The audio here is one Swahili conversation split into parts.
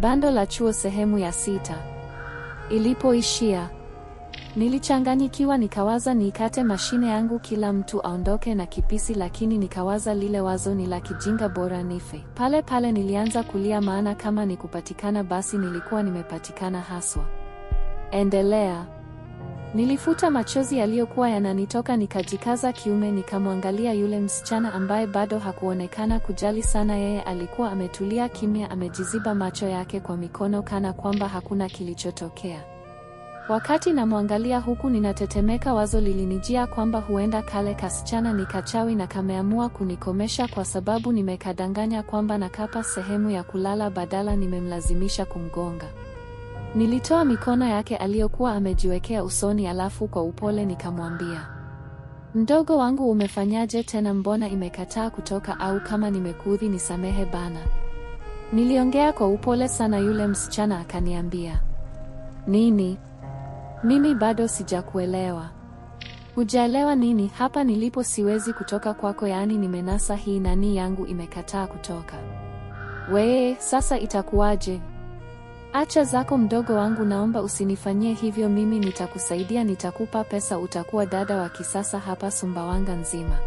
Bando la chuo sehemu ya sita. Ilipoishia, nilichanganyikiwa nikawaza niikate mashine yangu kila mtu aondoke na kipisi, lakini nikawaza lile wazo ni la kijinga, bora nife. Pale pale nilianza kulia, maana kama ni kupatikana basi nilikuwa nimepatikana haswa. Endelea. Nilifuta machozi yaliyokuwa yananitoka nikajikaza kiume nikamwangalia yule msichana ambaye bado hakuonekana kujali sana. Yeye alikuwa ametulia kimya, amejiziba macho yake kwa mikono kana kwamba hakuna kilichotokea. Wakati namwangalia huku ninatetemeka, wazo lilinijia kwamba huenda kale kasichana ni kachawi na kameamua kunikomesha kwa sababu nimekadanganya kwamba nakapa sehemu ya kulala badala nimemlazimisha kumgonga. Nilitoa mikono yake aliyokuwa amejiwekea usoni alafu kwa upole nikamwambia, mdogo wangu, umefanyaje tena? Mbona imekataa kutoka? Au kama nimekuudhi nisamehe bana. Niliongea kwa upole sana. Yule msichana akaniambia, nini? Mimi bado sijakuelewa. Hujaelewa nini? Hapa nilipo siwezi kutoka kwako, yaani nimenasa hii nani yangu imekataa kutoka. Wee, sasa itakuwaje? Acha zako mdogo wangu, naomba usinifanyie hivyo, mimi nitakusaidia, nitakupa pesa, utakuwa dada wa kisasa hapa Sumbawanga nzima.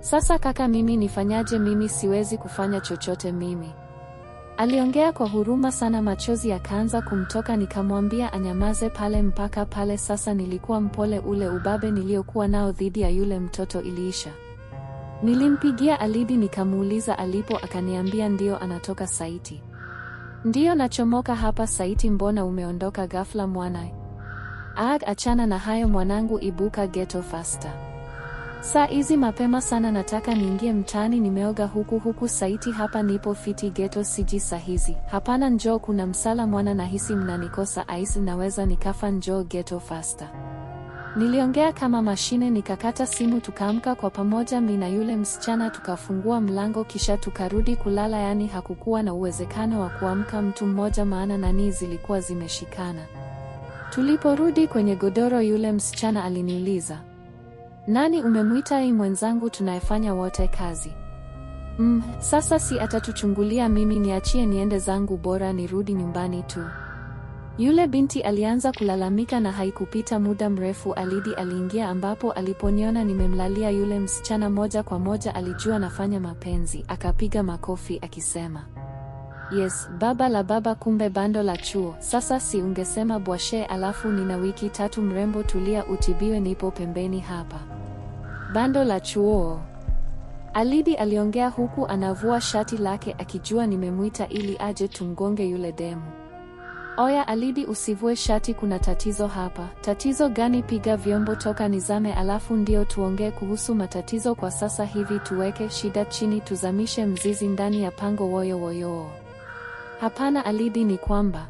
Sasa kaka, mimi nifanyaje? Mimi siwezi kufanya chochote mimi. Aliongea kwa huruma sana, machozi yakaanza kumtoka. Nikamwambia anyamaze pale mpaka pale. Sasa nilikuwa mpole, ule ubabe niliokuwa nao dhidi ya yule mtoto iliisha. Nilimpigia Alidi nikamuuliza alipo, akaniambia ndio anatoka saiti. Ndiyo nachomoka hapa saiti, mbona umeondoka ghafla mwana? Ag, achana na hayo mwanangu, ibuka geto fasta. Saa hizi mapema sana, nataka niingie mtaani, nimeoga huku huku saiti, hapa nipo fiti geto, siji sahizi. Hapana, njoo, kuna msala mwana, nahisi mnanikosa. Aisi, naweza nikafa, njoo geto fasta. Niliongea kama mashine, nikakata simu, tukaamka kwa pamoja, mimi na yule msichana, tukafungua mlango kisha tukarudi kulala. Yaani hakukuwa na uwezekano wa kuamka mtu mmoja, maana nani zilikuwa zimeshikana. Tuliporudi kwenye godoro, yule msichana aliniuliza, nani umemwita? Hii mwenzangu tunayefanya wote kazi. Mm, sasa si atatuchungulia mimi? Niachie niende zangu, bora nirudi nyumbani tu. Yule binti alianza kulalamika na haikupita muda mrefu Alidi aliingia ambapo aliponiona nimemlalia yule msichana moja kwa moja alijua nafanya mapenzi, akapiga makofi akisema, "Yes, baba la baba kumbe bando la chuo. Sasa si ungesema bwashe alafu nina wiki tatu mrembo tulia utibiwe nipo pembeni hapa." Bando la chuo. Alidi aliongea huku anavua shati lake akijua nimemwita ili aje tumgonge yule demu. Oya Alidi, usivue shati, kuna tatizo hapa. Tatizo gani? Piga vyombo, toka nizame, alafu ndio tuongee kuhusu matatizo kwa sasa hivi. Tuweke shida chini, tuzamishe mzizi ndani ya pango. Woyo woyo, hapana Alidi, ni kwamba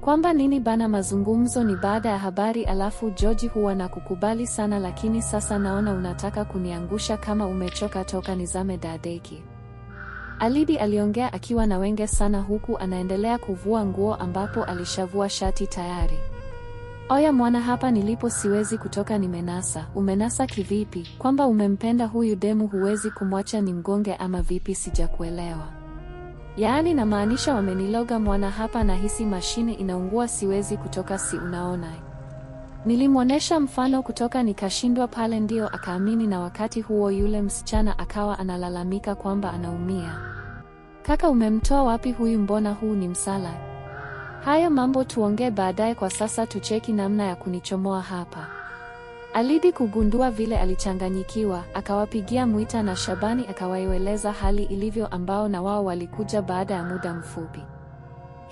kwamba nini bana? Mazungumzo ni baada ya habari, alafu Joji huwa na kukubali sana, lakini sasa naona unataka kuniangusha. Kama umechoka toka nizame dadeki. Alidi aliongea akiwa na wenge sana huku anaendelea kuvua nguo ambapo alishavua shati tayari. Oya mwana, hapa nilipo siwezi kutoka, nimenasa. Umenasa kivipi? Kwamba umempenda huyu demu, huwezi kumwacha ni mgonge ama vipi? Sijakuelewa. Yaani namaanisha wameniloga mwana, hapa nahisi mashine inaungua, siwezi kutoka, si unaona? Nilimwonyesha mfano kutoka nikashindwa pale, ndio akaamini, na wakati huo yule msichana akawa analalamika kwamba anaumia. Kaka, umemtoa wapi huyu? Mbona huu ni msala? Hayo mambo tuongee baadaye, kwa sasa tucheki namna ya kunichomoa hapa. Alidi kugundua vile alichanganyikiwa, akawapigia Mwita na Shabani akawaeleza hali ilivyo, ambao na wao walikuja baada ya muda mfupi.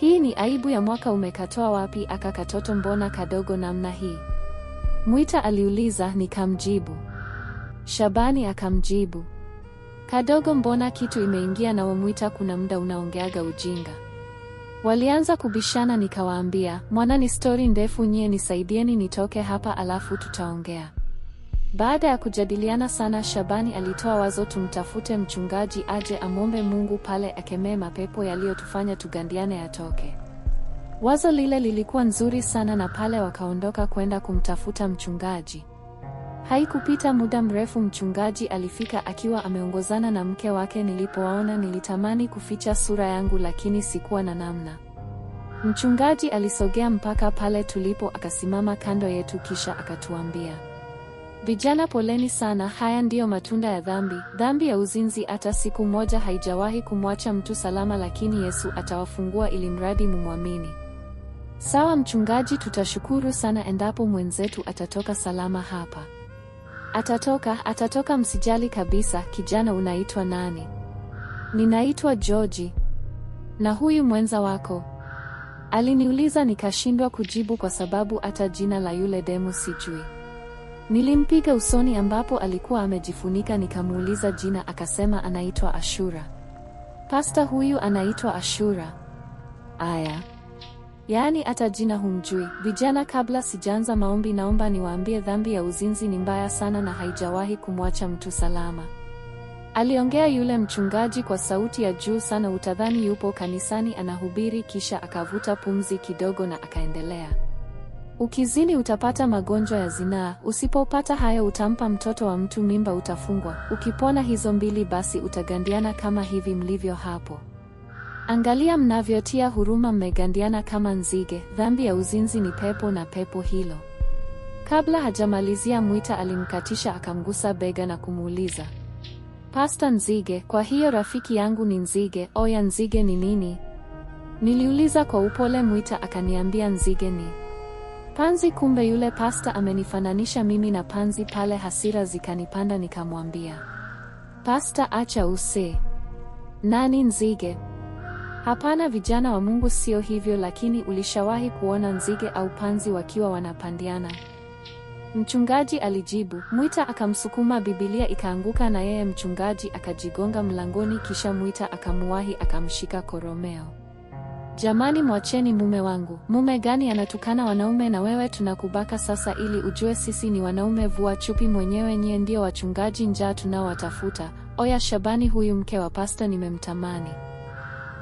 Hii ni aibu ya mwaka. Umekatoa wapi aka katoto, mbona kadogo namna hii? Mwita aliuliza, nikamjibu. Shabani akamjibu, kadogo, mbona kitu imeingia na wamwita, kuna muda unaongeaga ujinga. Walianza kubishana, nikawaambia, mwana, ni stori ndefu, nyie nisaidieni nitoke hapa, alafu tutaongea. Baada ya kujadiliana sana, Shabani alitoa wazo, tumtafute mchungaji aje amwombe Mungu pale akemee mapepo yaliyotufanya tugandiane yatoke. Wazo lile lilikuwa nzuri sana, na pale wakaondoka kwenda kumtafuta mchungaji. Haikupita muda mrefu, mchungaji alifika akiwa ameongozana na mke wake. Nilipowaona nilitamani kuficha sura yangu, lakini sikuwa na namna. Mchungaji alisogea mpaka pale tulipo, akasimama kando yetu, kisha akatuambia Vijana poleni sana, haya ndiyo matunda ya dhambi. Dhambi ya uzinzi hata siku moja haijawahi kumwacha mtu salama, lakini Yesu atawafungua ili mradi mumwamini. Sawa mchungaji, tutashukuru sana endapo mwenzetu atatoka salama hapa. Atatoka, atatoka, msijali kabisa. Kijana, unaitwa nani? Ninaitwa joji Na huyu mwenza wako? Aliniuliza nikashindwa kujibu kwa sababu hata jina la yule demu sijui. Nilimpiga usoni ambapo alikuwa amejifunika nikamuuliza jina akasema anaitwa Ashura. Pasta huyu anaitwa Ashura. Aya. Yaani hata jina humjui. Vijana, kabla sijaanza maombi, naomba niwaambie dhambi ya uzinzi ni mbaya sana na haijawahi kumwacha mtu salama. Aliongea yule mchungaji kwa sauti ya juu sana, utadhani yupo kanisani anahubiri, kisha akavuta pumzi kidogo na akaendelea. Ukizini utapata magonjwa ya zinaa. Usipopata hayo utampa mtoto wa mtu mimba, utafungwa. Ukipona hizo mbili, basi utagandiana kama hivi mlivyo hapo. Angalia mnavyotia huruma, mmegandiana kama nzige. Dhambi ya uzinzi ni pepo, na pepo hilo Kabla hajamalizia Mwita alimkatisha akamgusa bega na kumuuliza, Pasta nzige, kwa hiyo rafiki yangu ni nzige? Oya, nzige ni nini? Niliuliza kwa upole. Mwita akaniambia nzige ni Panzi, kumbe yule pasta amenifananisha mimi na panzi pale. Hasira zikanipanda, nikamwambia pasta, acha use nani nzige? Hapana, vijana wa Mungu, sio hivyo. Lakini ulishawahi kuona nzige au panzi wakiwa wanapandiana? Mchungaji alijibu. Mwita akamsukuma, Biblia ikaanguka na yeye mchungaji akajigonga mlangoni, kisha Mwita akamuwahi akamshika koromeo. Jamani, mwacheni mume wangu. Mume gani anatukana wanaume? Na wewe tunakubaka sasa, ili ujue sisi ni wanaume. Vua chupi mwenyewe, nyie ndio wachungaji njaa tunaowatafuta. Oya Shabani, huyu mke wa pasta nimemtamani.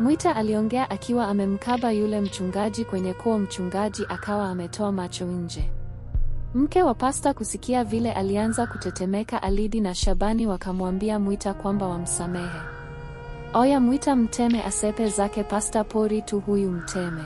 Mwita aliongea akiwa amemkaba yule mchungaji kwenye koo. Mchungaji akawa ametoa macho nje. Mke wa pasta kusikia vile alianza kutetemeka. Alidi na Shabani wakamwambia Mwita kwamba wamsamehe. Oya, mwita Mteme asepe zake pasta pori tu huyu Mteme.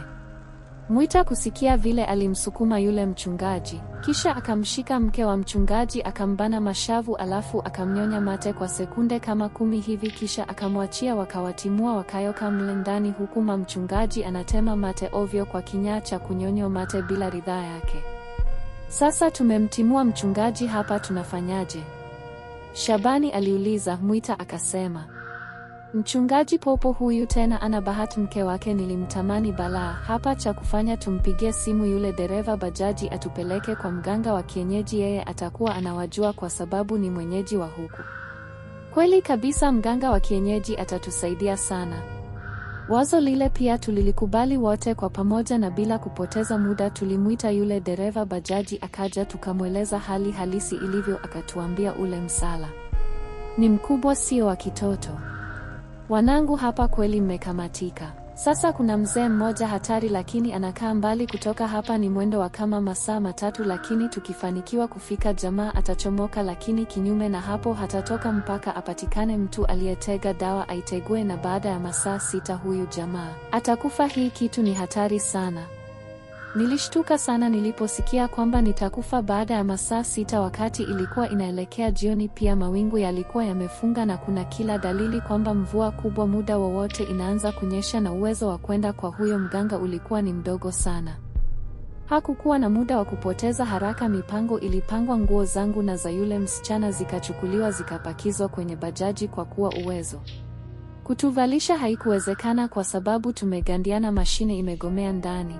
Mwita kusikia vile alimsukuma yule mchungaji, kisha akamshika mke wa mchungaji akambana mashavu alafu akamnyonya mate kwa sekunde kama kumi hivi kisha akamwachia wakawatimua wakayoka mle ndani huku mchungaji anatema mate ovyo kwa kinyaa cha kunyonywa mate bila ridhaa yake. Sasa tumemtimua mchungaji hapa tunafanyaje? Shabani aliuliza, Mwita akasema. Mchungaji Popo huyu tena ana bahati, mke wake nilimtamani balaa. Hapa cha kufanya tumpigie simu yule dereva bajaji atupeleke kwa mganga wa kienyeji, yeye atakuwa anawajua kwa sababu ni mwenyeji wa huku. Kweli kabisa, mganga wa kienyeji atatusaidia sana. Wazo lile pia tulilikubali wote kwa pamoja, na bila kupoteza muda tulimwita yule dereva bajaji. Akaja tukamweleza hali halisi ilivyo, akatuambia ule msala ni mkubwa, sio wa kitoto. Wanangu hapa kweli mmekamatika. Sasa kuna mzee mmoja hatari, lakini anakaa mbali kutoka hapa, ni mwendo wa kama masaa matatu, lakini tukifanikiwa kufika jamaa atachomoka, lakini kinyume na hapo hatatoka mpaka apatikane mtu aliyetega dawa aitegue, na baada ya masaa sita huyu jamaa atakufa. Hii kitu ni hatari sana. Nilishtuka sana niliposikia kwamba nitakufa baada ya masaa sita wakati ilikuwa inaelekea jioni. Pia mawingu yalikuwa yamefunga na kuna kila dalili kwamba mvua kubwa muda wowote inaanza kunyesha na uwezo wa kwenda kwa huyo mganga ulikuwa ni mdogo sana. Hakukuwa na muda wa kupoteza, haraka mipango ilipangwa. Nguo zangu na za yule msichana zikachukuliwa zikapakizwa kwenye bajaji kwa kuwa uwezo kutuvalisha haikuwezekana kwa sababu tumegandiana, mashine imegomea ndani.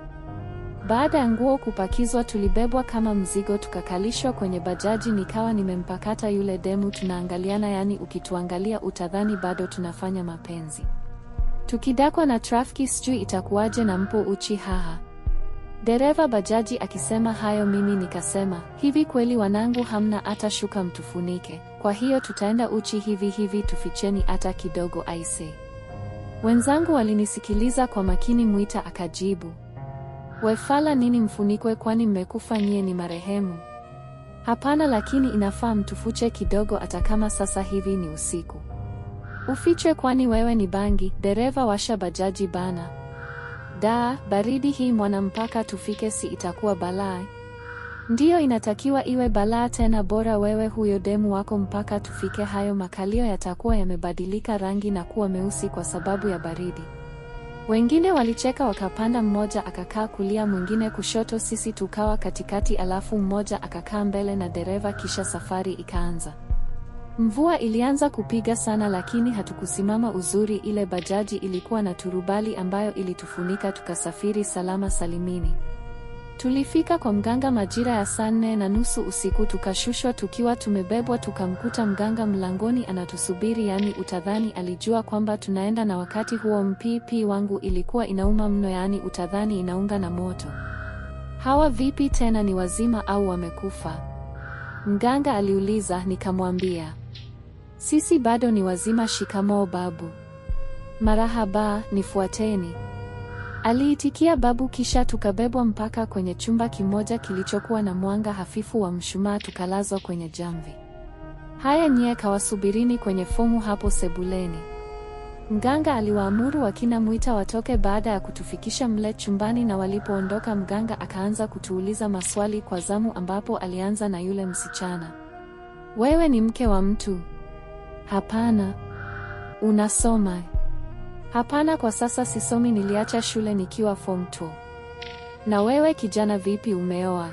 Baada ya nguo kupakizwa, tulibebwa kama mzigo, tukakalishwa kwenye bajaji. Nikawa nimempakata yule demu, tunaangaliana, yaani ukituangalia utadhani bado tunafanya mapenzi. Tukidakwa na trafiki, sijui itakuwaje na mpo uchi, haha. Dereva bajaji akisema hayo, mimi nikasema hivi, kweli wanangu, hamna hata shuka mtufunike? Kwa hiyo tutaenda uchi hivi hivi, tuficheni hata kidogo aise. Wenzangu walinisikiliza kwa makini. Mwita akajibu Wefala nini mfunikwe, kwani mmekufa nyie, ni marehemu? Hapana, lakini inafaa mtufuche kidogo, hata kama sasa hivi ni usiku. Ufichwe kwani wewe ni bangi? Dereva, washa bajaji bana. da baridi hii mwana, mpaka tufike, si itakuwa balaa? Ndiyo, inatakiwa iwe balaa, tena bora wewe huyo demu wako, mpaka tufike. Hayo makalio yatakuwa yamebadilika rangi na kuwa meusi kwa sababu ya baridi. Wengine walicheka wakapanda, mmoja akakaa kulia, mwingine kushoto, sisi tukawa katikati, alafu mmoja akakaa mbele na dereva, kisha safari ikaanza. Mvua ilianza kupiga sana, lakini hatukusimama. Uzuri ile bajaji ilikuwa na turubali ambayo ilitufunika, tukasafiri salama salimini. Tulifika kwa mganga majira ya saa nne na nusu usiku, tukashushwa tukiwa tumebebwa, tukamkuta mganga mlangoni anatusubiri. Yaani utadhani alijua kwamba tunaenda, na wakati huo mpipi wangu ilikuwa inauma mno, yaani utadhani inaunga na moto. Hawa vipi tena, ni wazima au wamekufa? Mganga aliuliza. Nikamwambia sisi bado ni wazima. Shikamoo babu. Marahaba, nifuateni aliitikia babu, kisha tukabebwa mpaka kwenye chumba kimoja kilichokuwa na mwanga hafifu wa mshumaa, tukalazwa kwenye jamvi. Haya, nyie kawasubirini kwenye fomu hapo sebuleni. Mganga aliwaamuru wakina Mwita watoke baada ya kutufikisha mle chumbani, na walipoondoka mganga akaanza kutuuliza maswali kwa zamu, ambapo alianza na yule msichana. Wewe ni mke wa mtu? Hapana. Unasoma? Hapana, kwa sasa sisomi, niliacha shule nikiwa form 2. Na wewe kijana, vipi, umeoa?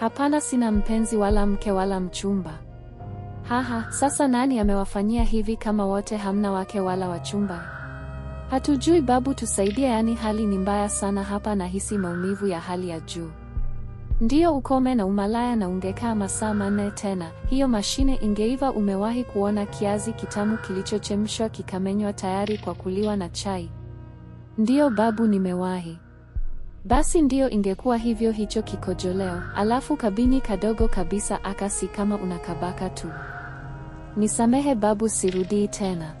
Hapana, sina mpenzi wala mke wala mchumba. Haha, sasa nani amewafanyia hivi kama wote hamna wake wala wachumba? Hatujui babu, tusaidie, yaani hali ni mbaya sana hapa, nahisi maumivu ya hali ya juu ndio ukome na umalaya na ungekaa masaa manne tena, hiyo mashine ingeiva. Umewahi kuona kiazi kitamu kilichochemshwa kikamenywa tayari kwa kuliwa na chai? Ndiyo babu, nimewahi. Basi ndiyo ingekuwa hivyo hicho kikojoleo, alafu kabini kadogo kabisa, akasi kama unakabaka tu. Nisamehe babu, sirudii tena.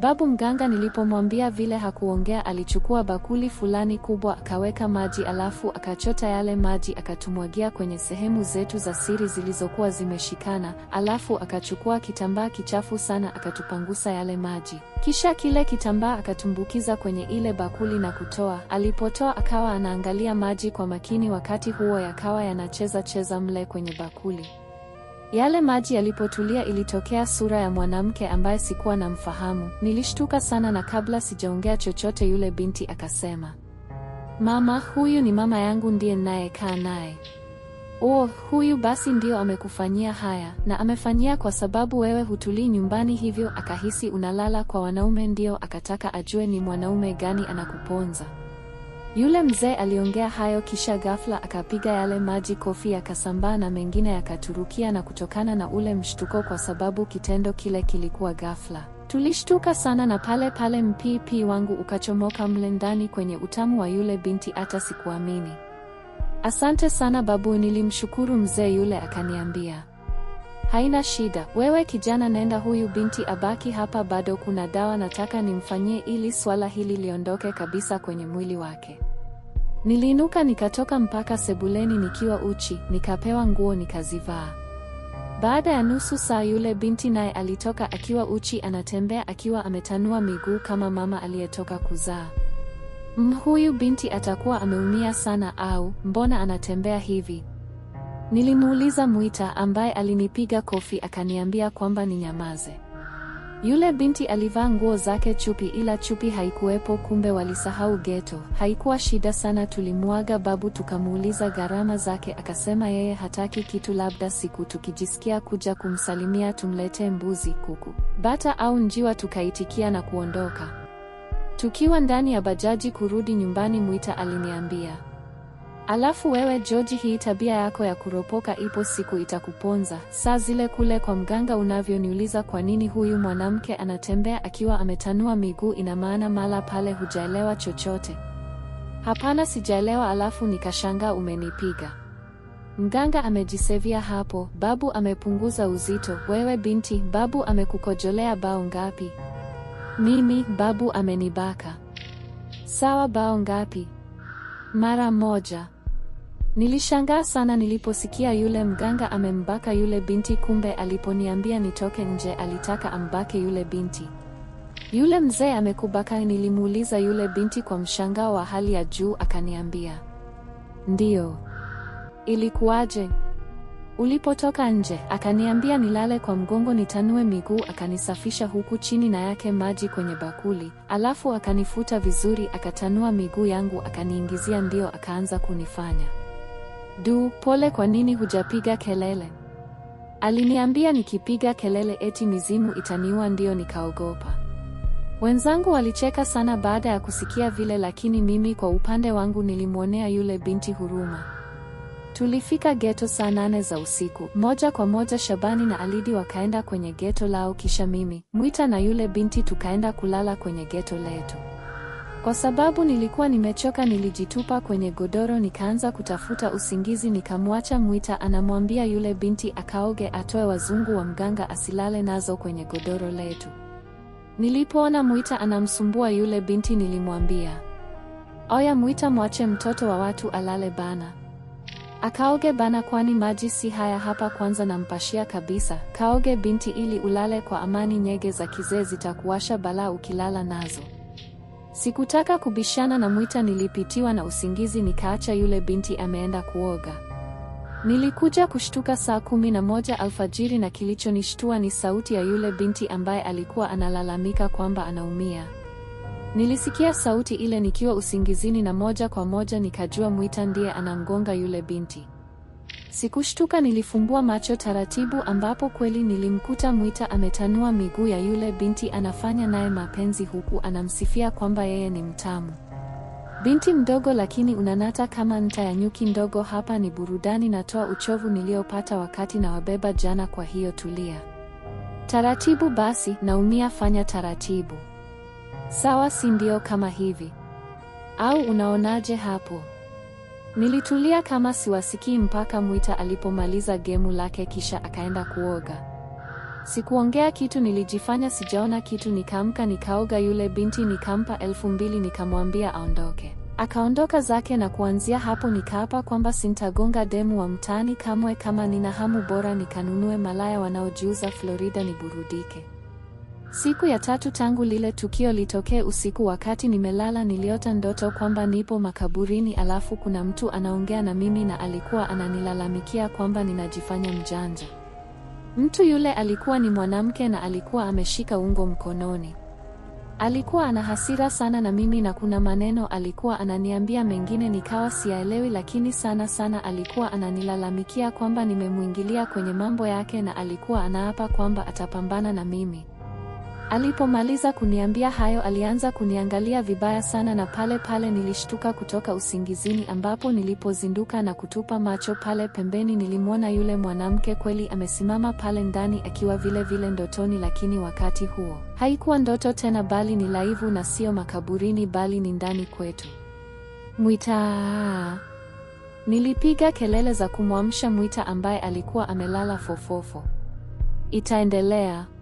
Babu mganga nilipomwambia vile hakuongea, alichukua bakuli fulani kubwa akaweka maji, alafu akachota yale maji akatumwagia kwenye sehemu zetu za siri zilizokuwa zimeshikana, alafu akachukua kitambaa kichafu sana akatupangusa yale maji, kisha kile kitambaa akatumbukiza kwenye ile bakuli na kutoa. Alipotoa akawa anaangalia maji kwa makini, wakati huo yakawa yanacheza cheza mle kwenye bakuli. Yale maji yalipotulia ilitokea sura ya mwanamke ambaye sikuwa namfahamu. Nilishtuka sana na kabla sijaongea chochote yule binti akasema, "Mama, huyu ni mama yangu ndiye ninayekaa naye." Oh, huyu basi ndio amekufanyia haya na amefanyia kwa sababu wewe hutulii nyumbani hivyo akahisi unalala kwa wanaume ndio akataka ajue ni mwanaume gani anakuponza. Yule mzee aliongea hayo kisha ghafla akapiga yale maji kofi yakasambaa na mengine yakaturukia na kutokana na ule mshtuko kwa sababu kitendo kile kilikuwa ghafla. Tulishtuka sana na pale pale mpipi wangu ukachomoka mle ndani kwenye utamu wa yule binti hata sikuamini. Asante sana babu, nilimshukuru mzee yule akaniambia. Haina shida, wewe kijana nenda, huyu binti abaki hapa, bado kuna dawa nataka nimfanyie ili swala hili liondoke kabisa kwenye mwili wake. Niliinuka nikatoka mpaka sebuleni nikiwa uchi, nikapewa nguo nikazivaa. Baada ya nusu saa yule binti naye alitoka akiwa uchi anatembea akiwa ametanua miguu kama mama aliyetoka kuzaa. Mm, huyu binti atakuwa ameumia sana au mbona anatembea hivi? Nilimuuliza Mwita ambaye alinipiga kofi akaniambia kwamba ninyamaze. Yule binti alivaa nguo zake chupi ila chupi haikuwepo kumbe walisahau geto. Haikuwa shida sana tulimwaga babu tukamuuliza gharama zake akasema yeye hataki kitu labda siku tukijisikia kuja kumsalimia tumletee mbuzi, kuku, bata au njiwa tukaitikia na kuondoka. Tukiwa ndani ya bajaji kurudi nyumbani Mwita aliniambia, Alafu wewe George, hii tabia yako ya kuropoka ipo siku itakuponza. Saa zile kule kwa mganga unavyoniuliza kwa nini huyu mwanamke anatembea akiwa ametanua miguu, ina maana mala pale hujaelewa chochote. Hapana, sijaelewa. Alafu nikashangaa umenipiga. Mganga amejisevia hapo, babu amepunguza uzito. Wewe binti, babu amekukojolea bao ngapi? Mimi babu amenibaka. Sawa, bao ngapi? Mara moja. Nilishangaa sana niliposikia yule mganga amembaka yule binti, kumbe aliponiambia nitoke nje alitaka ambake yule binti. Yule mzee amekubaka? Nilimuuliza yule binti kwa mshangao wa hali ya juu, akaniambia ndiyo. Ilikuwaje ulipotoka nje? Akaniambia nilale kwa mgongo, nitanue miguu, akanisafisha huku chini na yake maji kwenye bakuli, alafu akanifuta vizuri, akatanua miguu yangu, akaniingizia, ndiyo akaanza kunifanya Du, pole kwa nini hujapiga kelele? Aliniambia nikipiga kelele eti mizimu itaniua ndiyo nikaogopa. Wenzangu walicheka sana baada ya kusikia vile lakini mimi kwa upande wangu nilimwonea yule binti huruma. Tulifika geto saa nane za usiku. Moja kwa moja Shabani na Alidi wakaenda kwenye geto lao kisha mimi, Mwita na yule binti tukaenda kulala kwenye geto letu. Kwa sababu nilikuwa nimechoka, nilijitupa kwenye godoro nikaanza kutafuta usingizi. Nikamwacha Mwita anamwambia yule binti akaoge, atoe wazungu wa mganga, asilale nazo kwenye godoro letu. Nilipoona Mwita anamsumbua yule binti, nilimwambia oya, Mwita, mwache mtoto wa watu alale bana, akaoge bana, kwani maji si haya hapa. Kwanza nampashia kabisa, kaoge binti, ili ulale kwa amani. Nyege za kizee zitakuwasha balaa ukilala nazo. Sikutaka kubishana na Mwita. Nilipitiwa na usingizi nikaacha yule binti ameenda kuoga. Nilikuja kushtuka saa kumi na moja alfajiri na kilichonishtua ni sauti ya yule binti ambaye alikuwa analalamika kwamba anaumia. Nilisikia sauti ile nikiwa usingizini na moja kwa moja nikajua Mwita ndiye anamgonga yule binti. Sikushtuka, nilifumbua macho taratibu, ambapo kweli nilimkuta Mwita ametanua miguu ya yule binti anafanya naye mapenzi, huku anamsifia kwamba yeye ni mtamu. Binti mdogo lakini unanata kama nta ya nyuki ndogo. Hapa ni burudani, natoa uchovu niliyopata wakati na wabeba jana, kwa hiyo tulia taratibu. Basi naumia, fanya taratibu. Sawa, si ndio? Kama hivi au unaonaje hapo? Nilitulia kama siwasikii mpaka Mwita alipomaliza gemu lake kisha akaenda kuoga. Sikuongea kitu, nilijifanya sijaona kitu, nikaamka nikaoga, yule binti nikampa elfu mbili nikamwambia aondoke. Akaondoka zake na kuanzia hapo nikaapa kwamba sintagonga demu wa mtaani kamwe. Kama nina hamu bora nikanunue malaya wanaojiuza Florida niburudike. Siku ya tatu tangu lile tukio litokee, usiku wakati nimelala, niliota ndoto kwamba nipo makaburini, alafu kuna mtu anaongea na mimi na alikuwa ananilalamikia kwamba ninajifanya mjanja. Mtu yule alikuwa ni mwanamke na alikuwa ameshika ungo mkononi. Alikuwa ana hasira sana na mimi na kuna maneno alikuwa ananiambia mengine nikawa siyaelewi, lakini sana sana alikuwa ananilalamikia kwamba nimemwingilia kwenye mambo yake na alikuwa anaapa kwamba atapambana na mimi. Alipomaliza kuniambia hayo alianza kuniangalia vibaya sana na pale pale nilishtuka kutoka usingizini ambapo nilipozinduka na kutupa macho pale pembeni nilimwona yule mwanamke kweli amesimama pale ndani akiwa vile vile ndotoni lakini wakati huo haikuwa ndoto tena bali ni laivu na sio makaburini bali ni ndani kwetu. Mwita. Nilipiga kelele za kumwamsha Mwita ambaye alikuwa amelala fofofo. Itaendelea.